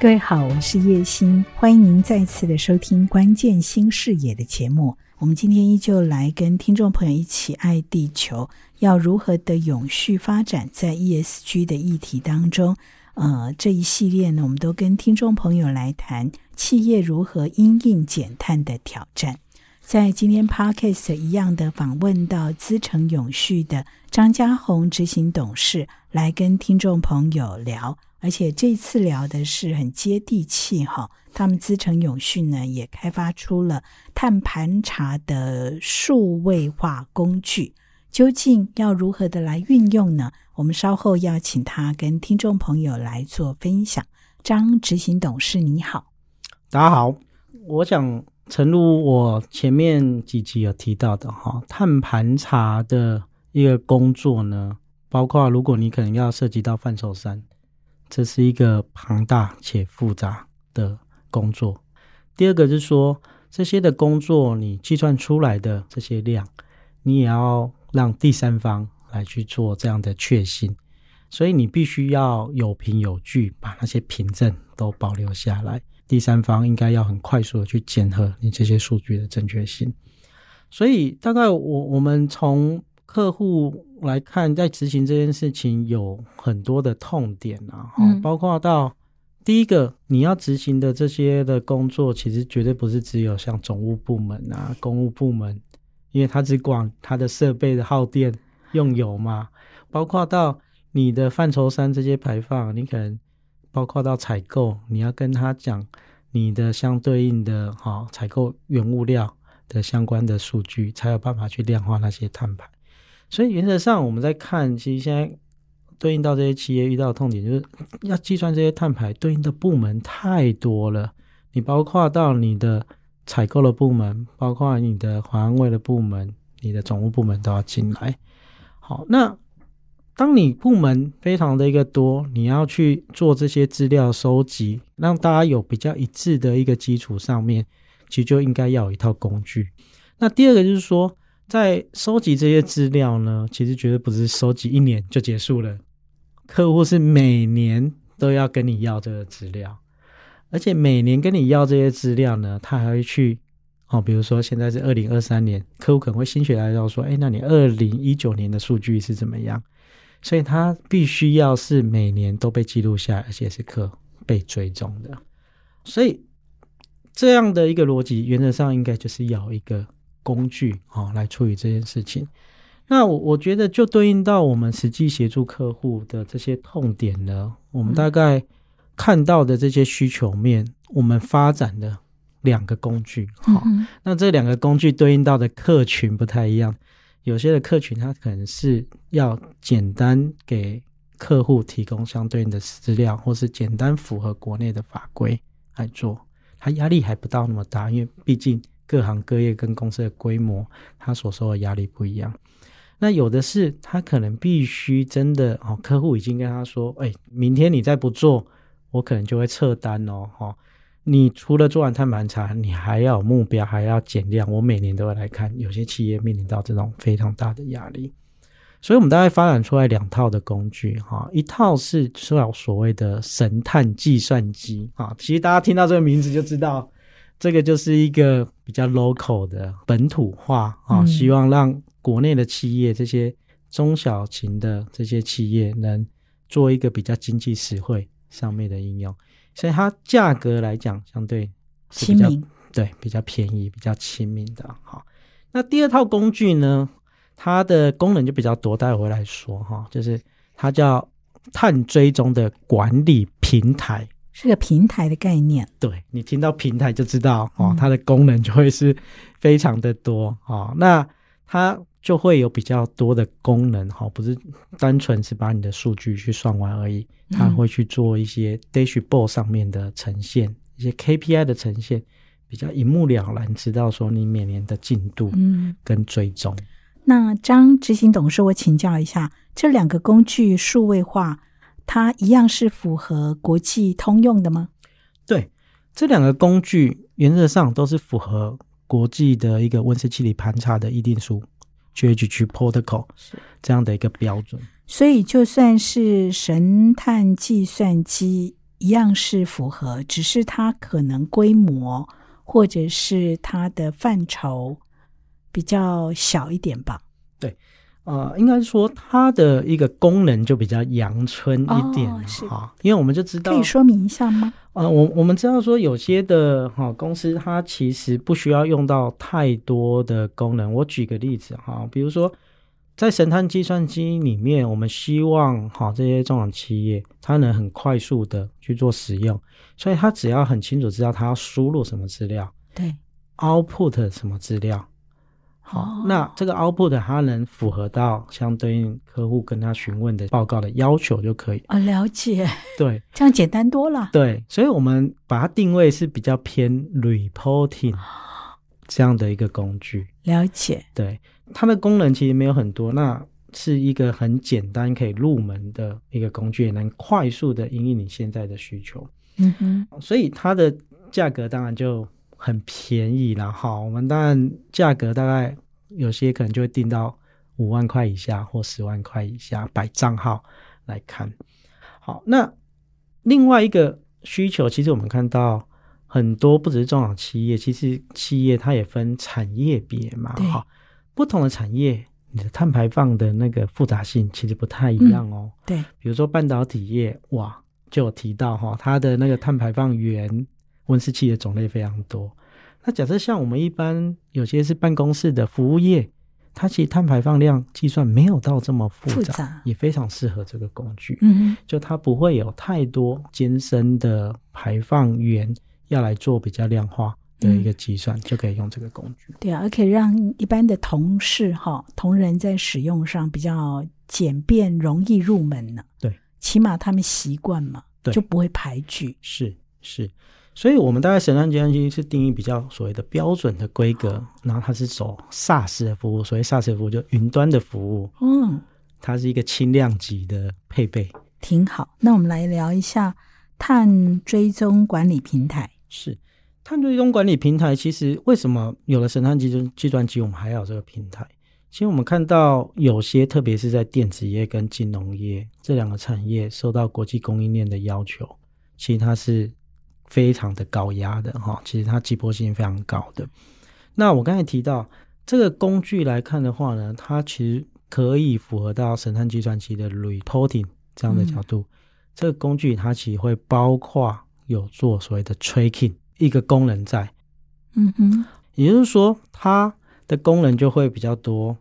各位好，我是葉欣，歡迎您再次的收聽《關鍵新視野》的節目。我們今天依舊來跟聽眾朋友一起愛地球，要如何的永續發展在 ESG 的議題當中。呃，這一系列呢，我們都跟聽眾朋友來談企業如何因應減碳的挑戰。在今天 Podcast 一樣的訪問到資誠永續的張嘉宏執行董事，來跟聽眾朋友聊。而且這次聊的是很接地氣哈，他們資誠永續呢也開發出了碳盤查的數位化工具，究竟要如何的來運用呢？我們稍後要請他跟聽眾朋友來做分享。張執行董事你好，大家好，我想誠如我前面幾集有提到的哈，碳盤查的一個工作呢，包括如果你可能要涉及到範疇三。這是一個龐大且複雜的工作。第二個是說，這些的工作你計算出來的這些量，你也要讓第三方來去做這樣的確信，所以你必須要有憑有據，把那些憑證都保留下來。第三方應該要很快速的去檢核你這些數據的正確性。所以大概我我們從。客戶來看，在執行這件事情有很多的痛點啊，嗯哦、包括到第一個，你要執行的這些的工作，其實絕對不是只有像總務部門啊、公務部門，因為他只管他的設備的耗電、用油嘛，嗯、包括到你的範疇三這些排放，你可能包括到採購，你要跟他講你的相對應的哦採購原物料的相關的數據，嗯、才有辦法去量化那些碳排。所以原則上，我們在看，其實現在對應到這些企業遇到的痛點，就是要計算這些碳排對應的部門太多了。你包括到你的採購的部門，包括你的環衛的部門，你的總務部門都要進來。好，那當你部門非常的一個多，你要去做這些資料收集，讓大家有比較一致的一個基礎上面，其實就應該要有一套工具。那第二個就是說。在收集這些資料呢，其實絕對不是收集一年就結束了。客戶是每年都要跟你要這個資料，而且每年跟你要這些資料呢，他還會去哦，比如說現在是二零二三年，客戶可能會心血來潮說：“哎，那你二零一九年的數據是怎麼樣？”所以他必須要是每年都被記錄下，而且是可被追蹤的。所以這樣的一個邏輯，原則上應該就是要一個。工具啊、哦，來處理這件事情。那我我覺得就對應到我們實際協助客戶的這些痛點呢，我們大概看到的這些需求面，嗯、我們發展了兩個工具。好、哦，嗯、哼那這兩個工具對應到的客群不太一樣，有些的客群他可能是要簡單給客戶提供相對應的資料，或是簡單符合國內的法規來做，他壓力還不到那麼大，因為畢竟。各行各業跟公司的規模，他所受的壓力不一樣。那有的是，他可能必須真的哦，客戶已經跟他說，哎、欸，明天你再不做，我可能就會撤單哦，哈、哦。你除了做完碳盤查，你還要有目標，還要減量。我每年都會來看，有些企業面臨到這種非常大的壓力。所以，我們大概發展出來兩套的工具哈、哦，一套是說所謂的神碳計算機啊、哦，其實大家聽到這個名字就知道。 這個就是一個比較 local 的本土化啊、哦，希望讓國內的企業這些中小型的這些企業能做一個比較經濟實惠上面的應用，所以它價格來講相對是比較親民，對，比較便宜，比較親民的哈、哦。那第二套工具呢，它的功能就比較多，待會來說哈、哦，就是它叫碳追蹤的管理平台。是個平台的概念，對你聽到平台就知道哦，它的功能就會是非常的多哦，那它就會有比較多的功能哈，不是單純是把你的數據去算完而已，它會去做一些 dashboard 上面的呈現，嗯、一些 KPI 的呈現，比較一目了然，知道說你每年的進度跟追蹤、嗯。那張執行董事，我請教一下，這兩個工具數位化。它一樣是符合國際通用的嗎？對，這兩個工具原則上都是符合國際的一個溫室氣體盤查的議定書 （GHG Protocol） 是這樣的一個標準。所以就算是神碳計算機一樣是符合，只是它可能規模或者是它的範疇比較小一點吧。對。呃，應該說它的一個功能就比較陽春一點了哈，哦、是。因為我們就知道，可以說明一下嗎？呃，我們我們知道說有些的哈公司，它其實不需要用到太多的功能。我舉個例子哈，比如說在神碳計算機裡面，我們希望哈這些中小企業它能很快速的去做使用，所以它只要很清楚知道它要輸入什麼資料，對，output 什麼資料。好，哦、那這個 output 它能符合到相對應客戶跟他詢問的報告的要求就可以啊。哦。了解，對，這樣簡單多了。對，所以我們把它定位是比較偏 reporting 這樣的一個工具。了解，對，它的功能其實沒有很多，那是一個很簡單可以入門的一個工具，也能快速的應用你現在的需求。嗯哼，所以它的價格當然就。很便宜了哈，我們當然價格大概有些可能就會訂到五萬塊以下或十萬塊以下，百賬號來看。好，那另外一個需求，其實我們看到很多不只是中小企業，其實企業它也分產業別嘛哈對、哦，不同的產業你的碳排放的那個複雜性其實不太一樣哦。嗯、對，比如說半導體業，哇，就有提到哈，它的那個碳排放源。溫室氣的種類非常多。那假設像我們一般有些是辦公室的服務業，它其實碳排放量計算沒有到這麼複雜，複雜也非常適合這個工具。嗯，就它不會有太多艱深的排放源要來做比較量化的一個計算，嗯、就可以用這個工具。對啊，而且讓一般的同事哈同仁在使用上比較簡便、容易入門呢。對，起碼他們習慣嘛，對就不會排拒。是是。所以，我們大概神碳計算機是定義比較所謂的標準的規格，嗯、然後它是走 SaaS 的服務，所謂 SaaS 服務就是雲端的服務。嗯，它是一個輕量級的配備，挺好。那我們來聊一下碳追蹤管理平台。是碳追蹤管理平台，其實為什麼有了神碳計算計算機，我們還有這個平台？其實我們看到有些，特別是在電子業跟金融業這兩個產業，受到國際供應鏈的要求，其實它是。非常的高壓的哈，其實它急迫性非常高的。那我剛才提到這個工具來看的話呢，它其實可以符合到神碳計算機的 reporting 這樣的角度。嗯、這個工具它其實會包括有做所謂的 tracking 一個功能在，嗯哼、嗯，也就是說它的功能就會比較多。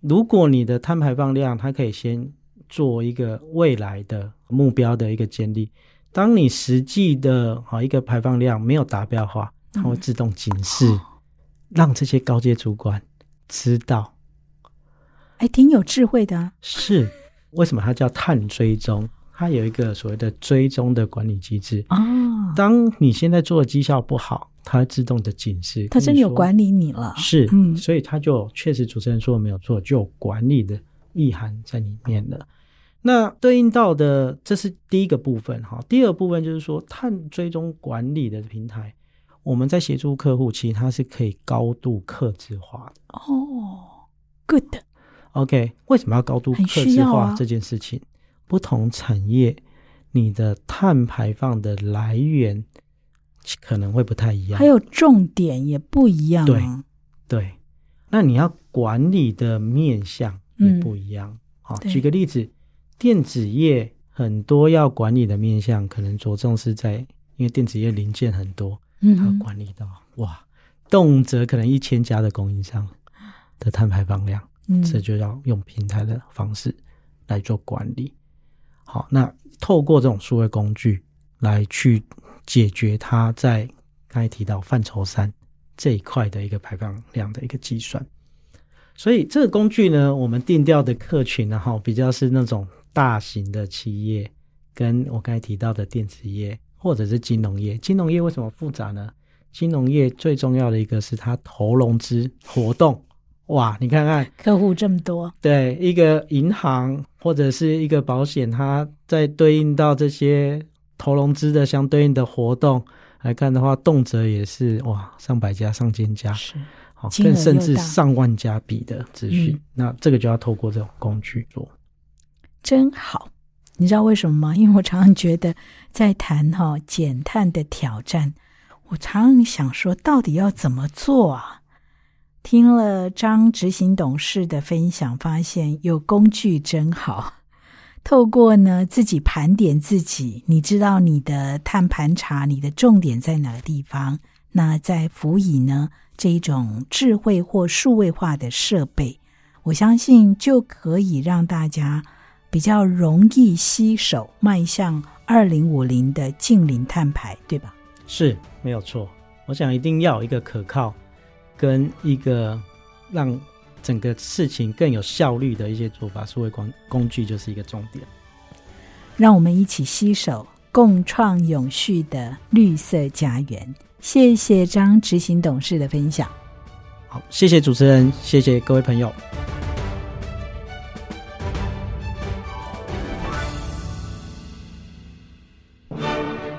如果你的碳排放量，它可以先做一個未來的目標的一個建立。當你實際的啊一個排放量沒有達標的話，嗯、它會自動警示，讓這些高階主管知道，還、欸、挺有智慧的！啊。是，為什麼它叫碳追蹤？它有一個所謂的追蹤的管理機制啊。哦、當你現在做的績效不好，它自動的警示，它真的有管理你了。是，嗯、所以它就確實主持人說沒有錯，就有管理的意涵在裡面了。那對應到的，這是第一個部分哈。第二部分就是說，碳追蹤管理的平台，我們在協助客戶，其實它是可以高度客製化的哦。Oh, Good，OK，、okay, 為什麼要高度客製化這件事情？啊、不同產業，你的碳排放的來源可能會不太一樣，還有重點也不一樣、啊。對，對，那你要管理的面向也不一樣。好、嗯哦，舉個例子。電子業很多要管理的面向，可能着重是在，因為電子業零件很多，它管理到嗯嗯哇，動輒可能一千家的供應商的碳排放量，嗯、這就要用平台的方式來做管理。好，那透過這種數位工具來去解決它在剛才提到範疇三這一塊的一個排放量的一個計算。所以這個工具呢，我們定調的客群呢，哈，比較是那種。大型的企業，跟我剛才提到的電子業，或者是金融業。金融業為什麼複雜呢？金融業最重要的一個，是它投融資活動。哇，你看看客戶這麼多。對，一個銀行或者是一個保險，它在對應到這些投融資的相對應的活動來看的話，動輒也是哇，上百家、上千家，好，跟甚至上萬家比的資訊。嗯，那這個就要透過這種工具做。真好，你知道為什麼嗎？因為我常常覺得在談哈、哦、減碳的挑戰，我常常想說，到底要怎麼做啊？聽了張執行董事的分享，發現有工具真好。透過呢，自己盤點自己，你知道你的碳盤查，你的重點在哪個地方？那再輔以呢，這一種智慧或數位化的設備，我相信就可以讓大家，比較容易攜手邁向二零五零的淨零碳排，對吧？是沒有錯。我想一定要一個可靠，跟一個讓整個事情更有效率的一些做法，數位工具，就是一個重點。讓我們一起攜手，共創永續的綠色家園。謝謝張執行董事的分享。好，謝謝主持人，謝謝各位朋友。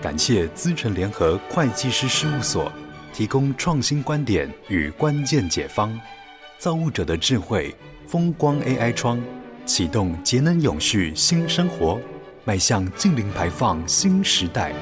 感謝資誠聯合會計師事務所提供創新觀點與關鍵解方，造物者的智慧，風光 AI 窗，啟動節能永續新生活，邁向淨零排放新時代。